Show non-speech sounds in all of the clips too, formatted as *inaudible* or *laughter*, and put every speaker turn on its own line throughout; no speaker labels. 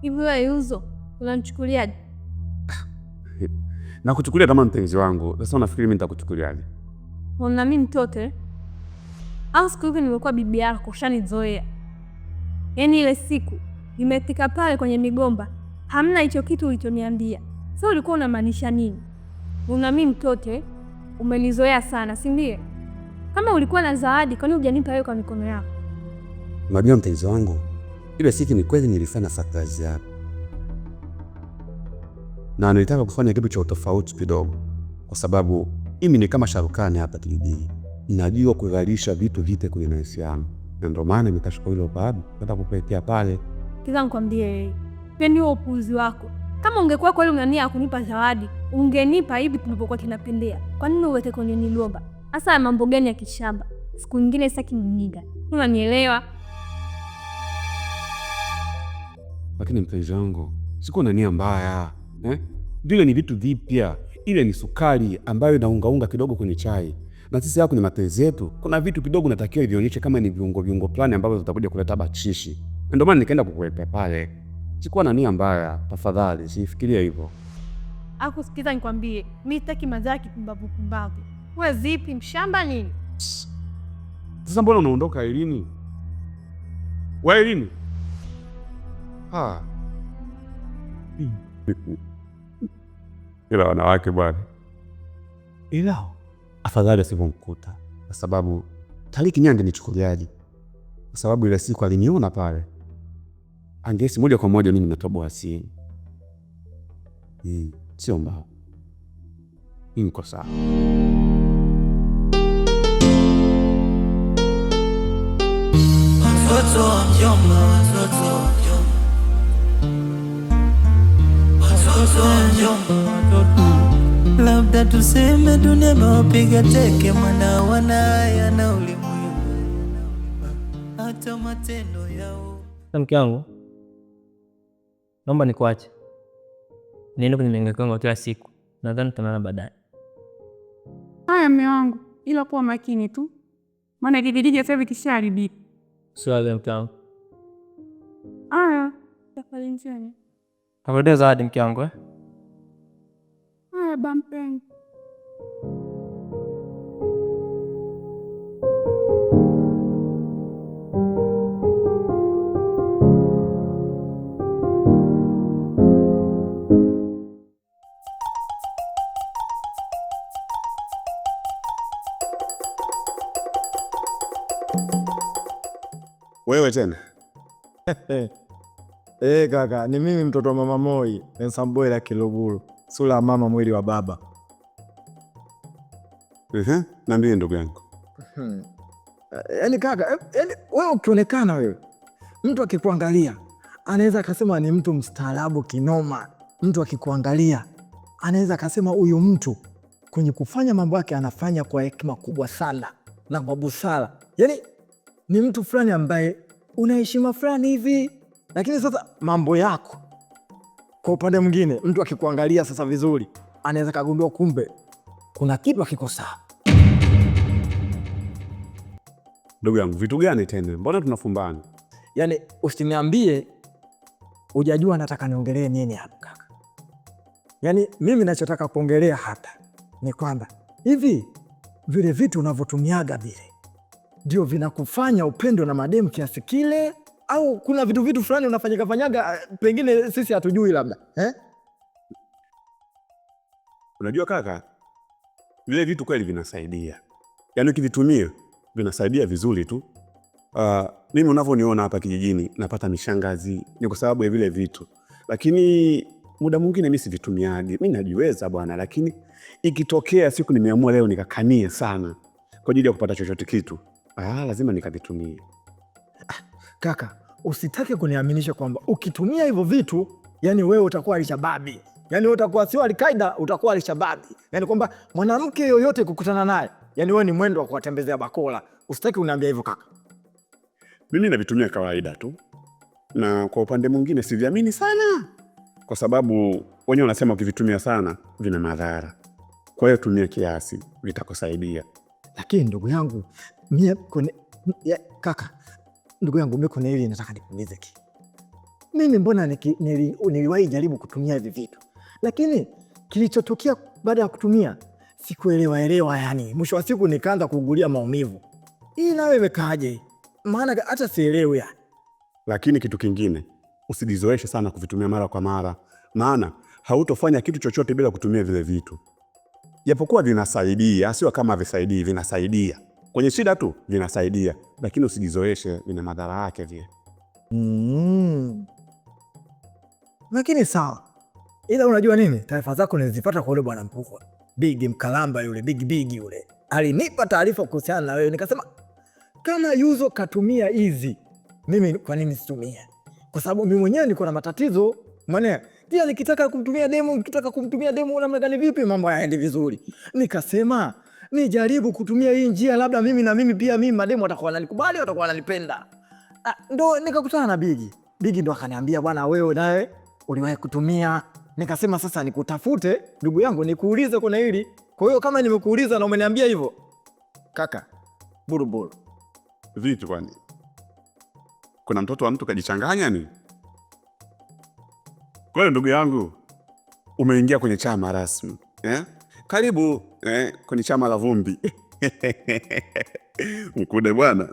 Hivi wewe Yuzo unamchukuliaje?
*laughs* Nakuchukulia kama mpenzi wangu. Sasa unafikiri mimi nitakuchukuliaje?
Mbona mimi mtoto eh? au siku hiyo nimekuwa bibi yako, ushanizoea. Yaani ile siku imetika pale kwenye migomba, hamna hicho kitu ulichoniambia. Sasa so, ulikuwa unamaanisha nini? Una mimi mtote, eh? umenizoea sana, si ndiye? Kama ulikuwa na zawadi, kwani hujanipa wewe kwa mikono yako?
Unajua mpenzi wangu ile siku ni kweli nilifanya surprise hapo, na nilitaka kufanya kitu cha utofauti kidogo, kwa sababu mimi ni kama sharukani hapa kijijini, najua kuzalisha vitu vite kwenye maisha na ndio maana nikashukua hilo baada kwenda kupetea pale
kizangu. nikwambie, peni huo upuuzi wako. Kama ungekuwa kweli una nia ya kunipa zawadi ungenipa hivi tulipokuwa tunapendea. Kwa nini uwete kwenye niloba? Hasa mambo gani ya kishamba? Siku nyingine sitaki mjinga, unanielewa?
lakini mpenzi wangu, sikuwa na nia mbaya eh? Vile ni vitu vipya, ile ni sukari ambayo inaungaunga kidogo kwenye chai, na sisi hapa kwenye matezi yetu kuna vitu kidogo natakiwa ivionyeshe kama ni viungo viungo fulani ambavyo vitakuja kuleta bachishi. Ndio maana nikaenda kukuwepa pale, sikuwa na nia mbaya, tafadhali sifikirie hivyo.
Akusikiza nikwambie, mi sitaki madhara kipumbavu pumbavu. We zipi mshamba nini?
Sasa mbona unaondoka Elini? Wewe Elini? Ah. Ila wanawake bwana, ila afadhali asivunkuta, kwa sababu Tariki Nyandi ni chukuliaji, kwa sababu ile siku aliniona pale, angesi moja kwa moja mimi natoboa siri. Hmm, sio mbao niko sawa. Watoto wa mjomba, watoto
sonjo mm. Labda tuseme dunia mawapiga teke, mwana wanaya na ulimwengu hata matendo yao. Mke wangu, naomba nikuache niende kwenye yangu kila siku, nadhani tutaonana baadaye.
Haya mme wangu, ila kuwa makini tu, maana kijiji sasa kishaharibika.
Swali mke wangu.
Aya, safari njema.
Tafute zawadi mke wangu eh?
baba mpendwa.
Wewe tena *laughs*
eh, kaka, ni mimi mtoto wa Mama Moi Ensamboela Kiluguru sura ya mama mwili wa baba.
Ehe, na ndugu yangu. Hmm.
Yaani kaka, eh, yaani wewe ukionekana wewe, mtu akikuangalia anaweza akasema ni mtu mstaarabu kinoma. Mtu akikuangalia anaweza akasema huyu mtu kwenye kufanya mambo yake anafanya kwa hekima kubwa sana na kwa busara, yaani ni mtu fulani ambaye una heshima fulani hivi, lakini sasa mambo yako kwa upande mwingine, mtu akikuangalia sasa vizuri, anaweza kagundua kumbe kuna kitu akikosa.
Ndugu yangu, vitu gani tena? Mbona tunafumbana?
Yaani usiniambie hujajua nataka niongelee nini hapa kaka. Yaani mimi nachotaka kuongelea hapa ni kwamba hivi vile vitu unavyotumiaga vile ndio vinakufanya upendwe na mademu kiasi kile au kuna vitu vitu fulani unafanyika fanyaga, pengine sisi hatujui labda eh?
Unajua kaka, vile vitu kweli vinasaidia, yaani ukivitumia vinasaidia vizuri tu. Uh, mimi unavyoniona hapa kijijini napata mishangazi ni kwa sababu ya vile vitu, lakini muda mwingine mi sivitumiaji, mi najiweza bwana, lakini ikitokea siku nimeamua leo nikakania sana kwa ajili ya kupata chochote kitu, ah, lazima nikavitumie.
Kaka, usitake kuniaminisha kwamba ukitumia hivyo vitu, yani wewe utakuwa alishababi, yani utakuwa sio Alqaida, utakuwa alishababi, yani kwamba mwanamke yoyote kukutana naye, yani wewe ni mwendo wa kuwatembezea bakola. Usitaki uniambia hivyo kaka.
Mimi navitumia kawaida tu, na kwa upande mwingine siviamini sana, kwa sababu wenyewe wanasema ukivitumia sana vina madhara. Kwa hiyo tumia kiasi, vitakusaidia.
Lakini ndugu yangu mie kone, ya, kaka Ndugu yangu mimi, kuna hili nataka nikuulize ki mimi, mbona niliwahi jaribu kutumia hivi vitu, lakini kilichotokea baada ya kutumia sikuelewa elewa, yani mwisho wa siku nikaanza kuugulia maumivu. Hii nawe imekaaje? Maana hata sielewi. Yaani.
Lakini kitu kingine, usijizoeshe sana kuvitumia mara kwa mara, maana hautofanya kitu chochote bila kutumia vile vitu, japokuwa vinasaidia, sio kama visaidii, vinasaidia kwenye shida tu vinasaidia, lakini usijizoeshe, vina madhara yake vile. Mm.
Lakini sawa, ila unajua nini, taarifa zako nilizipata kwa yule bwana Mpukwa bigi Mkalamba yule bigi bigi yule alinipa taarifa kuhusiana na wewe, nikasema kama Yuzo katumia hizi, mimi kwa nini situmie? Kwa sababu mimi mwenyewe niko na matatizo mwana pia, nikitaka kumtumia demo, nikitaka kumtumia demo, namna gani, vipi mambo yaende vizuri, nikasema nijaribu kutumia hii njia, labda mimi na mimi pia mimi mademu watakuwa wananikubali, watakuwa wananipenda. Ah, ndo nikakutana na Bigi. Bigi ndo akaniambia, bwana wewe naye uliwahi kutumia. Nikasema sasa nikutafute ndugu yangu, nikuulize kuna hili. Kwa hiyo kama nimekuuliza na umeniambia hivyo, kaka buruburu
vitu, kwani kuna mtoto wa mtu kajichanganya ni kwa hiyo ndugu yangu umeingia kwenye chama rasmi eh? Karibu eh, kwenye chama la vumbi *laughs* Mkude bwana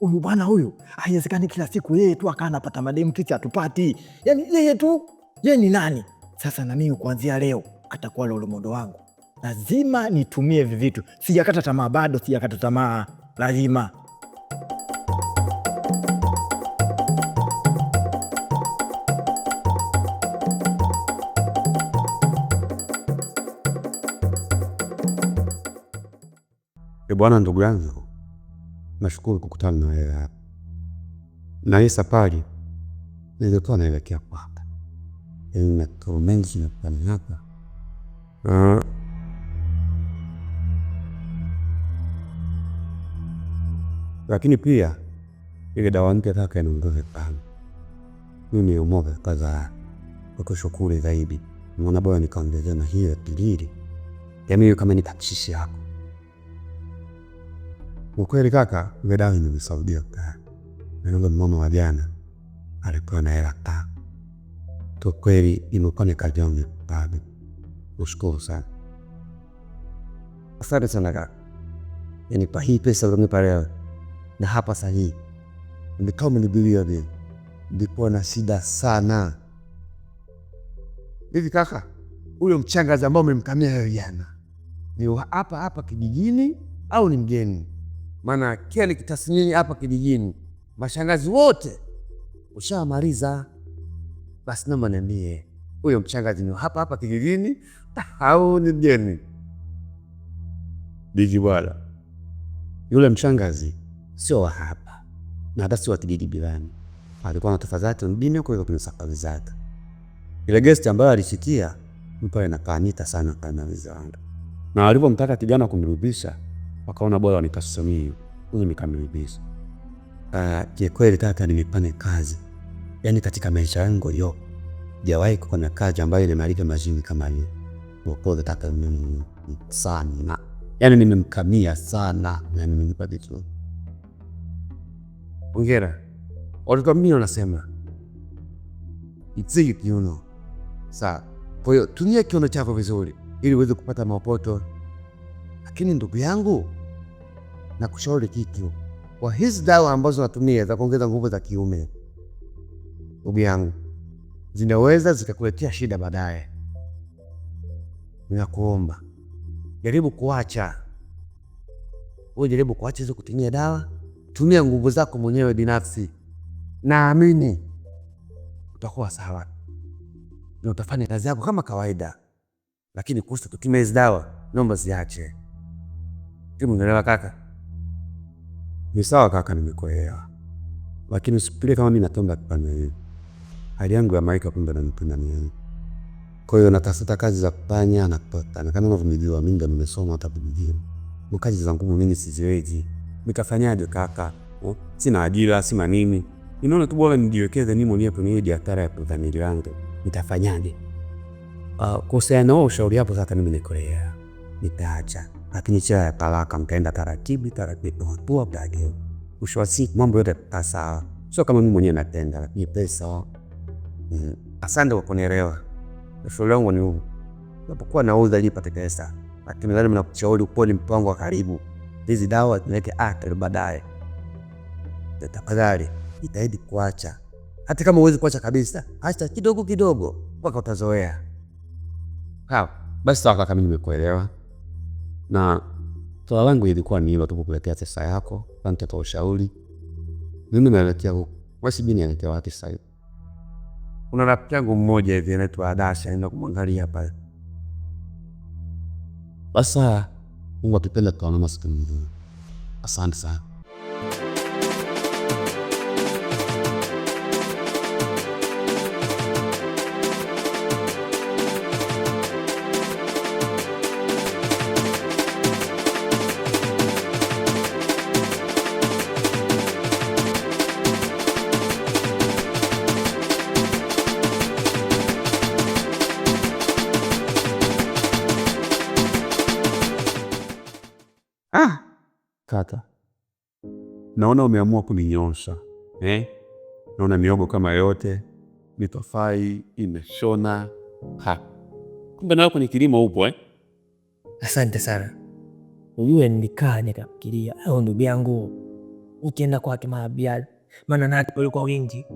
huyu bwana huyu, haiwezekani kila siku yeye tu akaa anapata mademu ticha atupati. Yani yeye tu yeye ni nani sasa? Na mimi kuanzia leo atakuwa lolomodo wangu, lazima nitumie hivi vitu. Sijakata tamaa bado, sijakata tamaa, lazima
E bwana ndugu yangu, nashukuru kukutana na wewe hapa. Na hii safari nilikuwa naelekea kwako, ninakuwa yaani mengi nakutana hapa ah. lakini pia ile dawa mpya taka inaongeza sana. Mimi umoga kadhaa ukushukuru zaidi, mwana bora nikaongezea na hiyo ya pili, yaani kama ni yako kwa kweli kaka, ile dawa imenisaidia kaka. Niliona mama wa jana alikuwa na hela ta. Kwa kweli imekuwa ni kazi yangu baba. Ushukuru sana. Asante sana kaka. Yaani kwa hii pesa ulionipa leo na hapa sahihi. Ndio umenibilia vile. Ndipo na shida sana.
Hivi kaka, huyo mchangazi ambao umemkamia yeye jana. Ni hapa hapa kijijini au ni mgeni? maana kila nikitasnini hapa kijijini mashangazi wote ushawamaliza. basi naomba niambie huyo mchangazi ni hapa hapa kijijini au ni mgeni?
Bibi bwana, yule mchangazi sio wa hapa na hata sio wa kijiji jirani, alikuwa na tafadhali zake mjini huko kwenye safari zake. Ile gesti ambayo alishikia mtu anakaanita sana wangu, na alipomtaka kijana kumrudisha wakaona bora nikasomie huyu nikamiliza. Uh, ah, je, kweli kaka, nimepane kazi yaani katika maisha yangu yo jawahi kuwa na kazi ambayo ina malipo mazuri kama hiyo. Pole kaka sana, yaani nimemkamia sana na nimempa vitu.
Hongera watoto, mimi wanasema itzigi kiuno. Sawa, kwa hiyo tumia kiuno chako vizuri ili uweze kupata mapoto lakini ndugu yangu, nakushauri kitu kwa hizi dawa ambazo natumia za kuongeza nguvu za kiume, ndugu yangu, zinaweza zikakuletea shida baadaye. Ninakuomba jaribu kuacha wewe, jaribu kuacha hizo kutumia dawa, tumia nguvu zako mwenyewe binafsi. Naamini utakuwa sawa na utafanya kazi yako kama kawaida, lakini kuhusu kutumia hizi dawa, naomba ziache. Hebu nielewa kaka.
Ni sawa kaka, nimekuelewa, lakini usifikirie kama mimi natomba kufanya hivi. Hali yangu ya maisha kumbe nanipenda mimi. Kwa hiyo natafuta kazi za kufanya na kupata, na kama unavumiliwa mimi ndo nimesoma hata Ni Kazi za ngumu mimi siziwezi, nikafanyaje kaka? Sina ajira, sina nini. Inaona tu bora nijiwekeze mimi mwenyewe kwenye biashara ya kudhamiri wangu, nitafanyaje? Ah, Uh, kuhusiana na ushauri hapo sasa, mimi nikuelewa, nitaacha lakini cha talaka mkaenda taratibu taratibu, hatua baadaye, mwisho wa siku mambo yote yatakaa sawa. Sio kama mimi mwenyewe natenda, lakini pesa. Mm. Asante kwa kunielewa, ushauri wangu ni huu, unapokuwa nauza ili upate pesa, lakini lazima nakushauri upone mpango wa karibu. Hizi dawa zinaweke athari baadaye, tafadhali jitahidi kuacha, hata kama uwezi kuacha kabisa, acha kidogo kidogo mpaka utazoea. Sawa basi, sawa kaka, mimi nimekuelewa na swala langu ilikuwa ni hilo tu, kukuletea pesa yako kwa ushauri. Mimi naelekea huko, wewe nielekea wapi sasa hivi. Kuna rafiki yangu mmoja hivi anaitwa Adasi, naenda kumwangalia pale. Basa Mungu akipenda tutaonana siku nyingine. Asante sana. ah, kaka, naona umeamua kuninyosha eh? Naona miogo kama yote mitofai imeshona ha, kumbe nawe kwenye kilimo upo eh?
Asante sana. Ujue nilikaa nikafikiria, au ndugu yangu ukienda kwake Mahabiad, maana nati walikuwa wingi.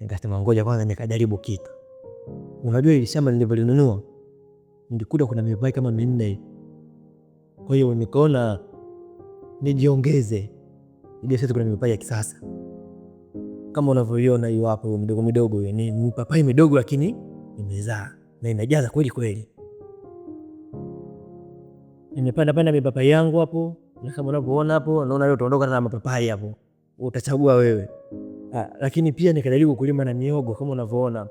Nikasema ngoja kwanza nikajaribu kitu. Unajua ile shamba nilivyolinunua nilikuta kuna mipai kama minne kwa hiyo nikaona nijiongeze kuna mipapai ya kisasa kama unavyoiona hiyo hapo, midogo midogo ni mipapai midogo, lakini imezaa na inajaza kweli kweli. Nimepanda panda mipapai yangu hapo, na kama unavyoona hapo, naona leo tuondoka na mapapai hapo, utachagua wewe. Ha, ah, lakini pia nikajaribu kulima na miogo kama unavyoona,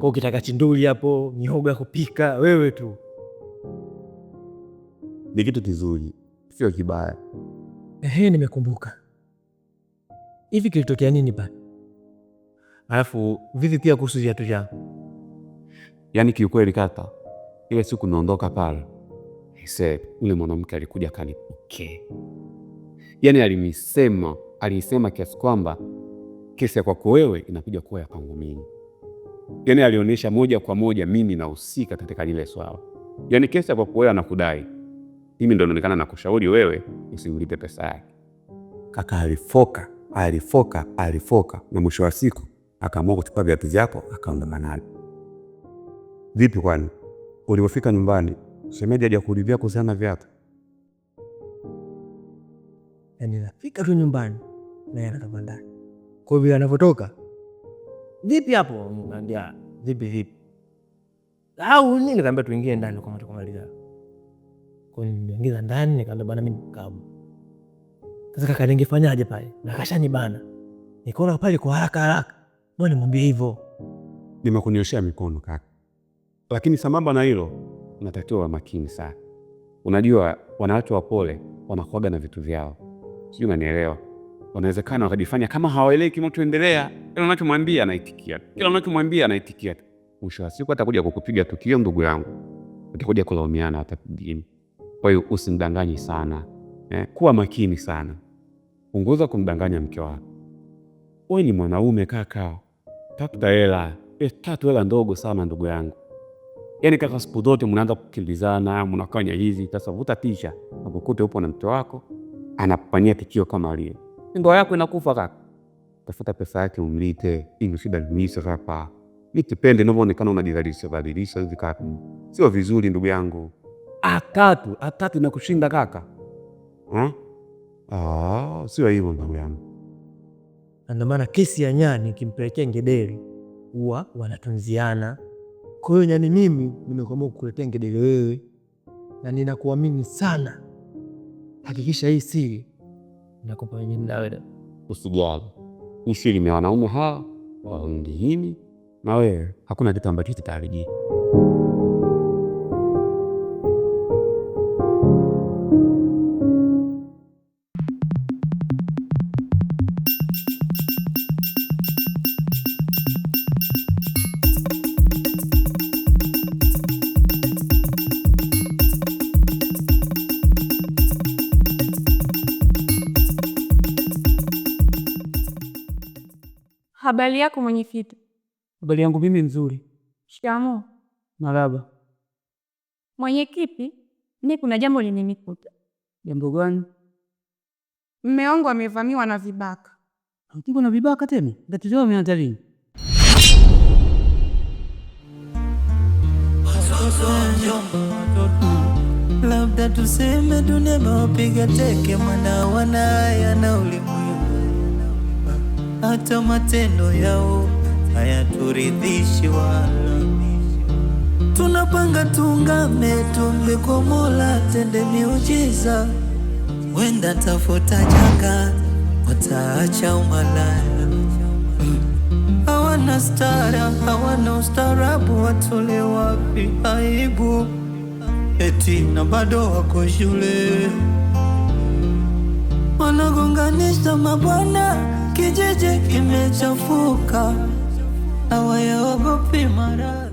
kwa ukitaka chinduli hapo, miogo ya kupika wewe tu
ni kitu kizuri, sio kibaya.
Ehe, nimekumbuka. Hivi kilitokea nini pale? Alafu vivi pia kuhusu viatu vyangu?
Yaani kiukweli kata ile siku naondoka pale ise, ule mwanamke alikuja akanipokea, yaani alinisema, alisema kiasi kwamba kesi ya kwako wewe inakuja kuwa ya kwangu mimi. Yaani alionyesha moja kwa moja mimi nahusika katika lile swala, yaani kesi ya kwako wewe anakudai mimi ndo naonekana na kushauri wewe usimlipe pesa yake. Kaka alifoka alifoka alifoka, na mwisho wa siku akaamua kuchukua viatu vyako akaondoka navyo. Vipi kwani ulipofika nyumbani shemeji hajakuulizia kuhusiana na viatu?
Yani nafika tu nyumbani naye anatoka ndani, kwa vile anavyotoka vipi hapo, naambia vipi vipi au nini, kaambia tuingie ndani kwa matokomaliza kuniingiza ndani, nikaambia bwana, mimi mkavu. Sasa kaka ningefanyaje pale na bana, nikaona pale kwa haraka haraka, mbona nimwambie hivyo?
Nimekunyoshea mikono kaka, lakini sambamba na hilo unatakiwa wa makini sana. Unajua wanawake wapole wanakuaga na vitu vyao, sijui unanielewa. Wanawezekana wakajifanya kama hawaelewi kinachoendelea, kila unachomwambia anaitikia, kila unachomwambia anaitikia. Mwisho wa siku atakuja kukupiga tukio, ndugu yangu, atakuja kulaumiana hata mjini. Kwa hiyo usimdanganyi sana eh, kuwa makini sana, punguza kumdanganya mke wako. Wewe ni mwanaume kaka, tafuta hela e, tatu hela ndogo sana ndugu yangu. Yani kaka, siku zote mnaanza kukimbizana, mnafanya hizi sasa. Vuta tisha, akukute upo na mke wako anakufanyia tikio kama lile, ndoa yako inakufa kaka. Tafuta pesa yake umlite, ili shida liishe hapa. Nikipende inavyoonekana unajidhalilisha dhalilisha hivi kaka, sio vizuri ndugu yangu
atatu atatu na kushinda kaka
hmm? Ah, sio hivyo ndugu yangu.
Ndio maana kesi ya nyani kimpelekea ngedere huwa wanatunziana. Kwa hiyo nyani, mimi nimekuamua kukuletea ngedere wewe, na ninakuamini sana. Hakikisha hii siri nakupa wewe.
usijali. Hii siri ni wanaume hawa waondiini, na wewe hakuna kitu ambacho kitaharibika.
Habari yako mwenyekiti?
Habari yangu mimi nzuri. Shikamo. Maraba.
Mwenyekiti, mimi kuna jambo limenikuta. Jambo gani? Mume wangu amevamiwa na vibaka.
Ah, Mkigo na vibaka tena? Tatizo wameanzalini? Labda tuseme dunia mawapiga teke, mwana wanaya na ulimwengu hata matendo yao hayaturidhishi wala. Tunapanga tungame, tumbe kwa Mola, tende miujiza, wenda tafuta janga, wataacha umalaya. Hawana stara, hawana ustarabu watole wapi aibu? Eti na bado wako shule, wanagonganisha mabwana kijiji kimechafuka, hawayaogopi mara